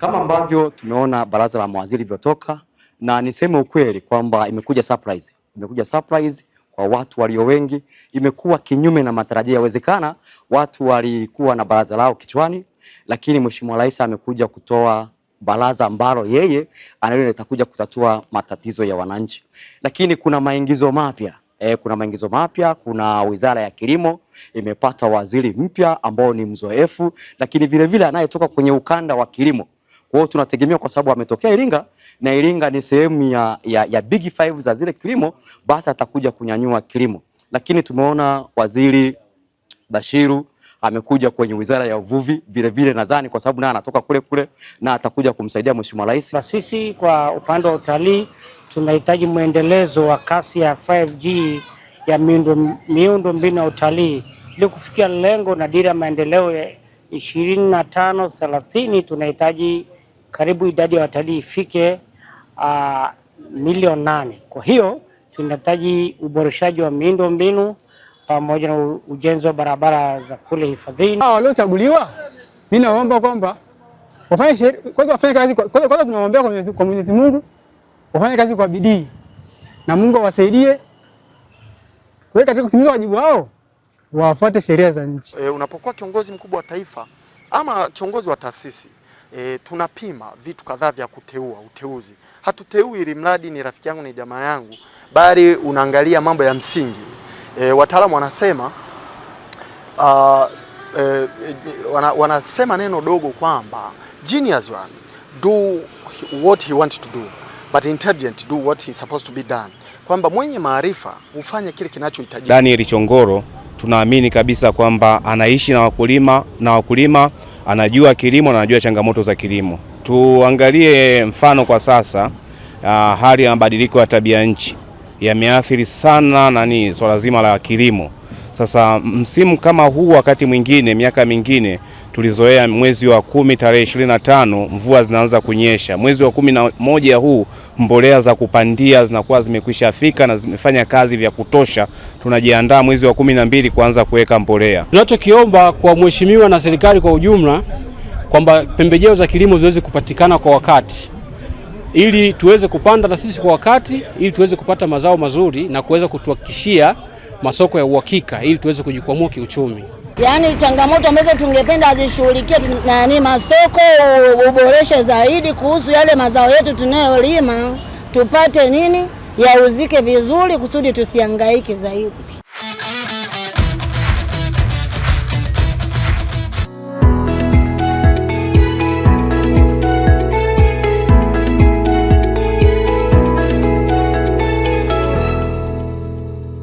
Kama ambavyo tumeona baraza la mawaziri lilivyotoka, na niseme ukweli kwamba imekuja surprise. Imekuja surprise kwa watu walio wengi, imekuwa kinyume na matarajio. Yawezekana watu walikuwa na baraza lao kichwani, lakini Mheshimiwa Rais amekuja kutoa baraza ambalo yeye anaona litakuja kutatua matatizo ya wananchi, lakini kuna maingizo mapya E, kuna maingizo mapya. Kuna wizara ya kilimo imepata waziri mpya ambao ni mzoefu, lakini vilevile anayetoka kwenye ukanda wa kilimo kwa hiyo tunategemea kwa sababu ametokea Iringa na Iringa ni sehemu ya, ya, ya big five za zile kilimo, basi atakuja kunyanyua kilimo. Lakini tumeona waziri Bashiru amekuja kwenye wizara ya uvuvi vilevile, nadhani kwa sababu naye anatoka kule kule na atakuja kumsaidia mheshimiwa rais. Na sisi kwa upande wa utalii tunahitaji mwendelezo wa kasi ya 5G ya miundo miundo mbinu ya utalii ili kufikia lengo na dira ya maendeleo ishirini na tano thelathini tunahitaji karibu idadi ya watalii ifike uh, milioni nane. Kwa hiyo tunahitaji uboreshaji wa miundo mbinu pamoja na ujenzi wa barabara za kule hifadhini. Hao waliochaguliwa, mimi naomba kwamba wafanye kwanza, wafanye kazi kwanza, kwanza tunaombea kwa Mwenyezi Mungu wafanye kazi kwa bidii na Mungu awasaidie katika kutimiza wajibu wao wafuate sheria za nchi. E, unapokuwa kiongozi mkubwa wa taifa ama kiongozi wa taasisi e, tunapima vitu kadhaa vya kuteua uteuzi. Hatuteui ili mradi ni rafiki yangu ni jamaa yangu, bali unaangalia mambo ya msingi. E, wataalamu wanasema uh, e, wana, wanasema neno dogo kwamba genius one do what he want to do but intelligent do what he supposed to be done, kwamba mwenye maarifa hufanya kile kinachohitajika. Daniel Chongoro tunaamini kabisa kwamba anaishi na wakulima na wakulima, anajua kilimo na anajua changamoto za kilimo. Tuangalie mfano kwa sasa, uh, hali ya mabadiliko ya tabia nchi yameathiri sana nani swala so zima la kilimo. Sasa msimu kama huu, wakati mwingine, miaka mingine tulizoea mwezi wa kumi tarehe ishirini na tano mvua zinaanza kunyesha. Mwezi wa kumi na moja huu mbolea za kupandia zinakuwa zimekwisha fika na zimefanya kazi vya kutosha, tunajiandaa mwezi wa kumi na mbili kuanza kuweka mbolea. Tunachokiomba kwa mheshimiwa na serikali kwa ujumla kwamba pembejeo za kilimo ziweze kupatikana kwa wakati ili tuweze kupanda na sisi kwa wakati ili tuweze kupata mazao mazuri na kuweza kutuhakikishia masoko ya uhakika ili tuweze kujikwamua kiuchumi. Yaani changamoto ambazo tungependa azishughulikie nani masoko uboreshe zaidi kuhusu yale mazao yetu tunayolima, tupate nini yauzike vizuri kusudi tusihangaike zaidi.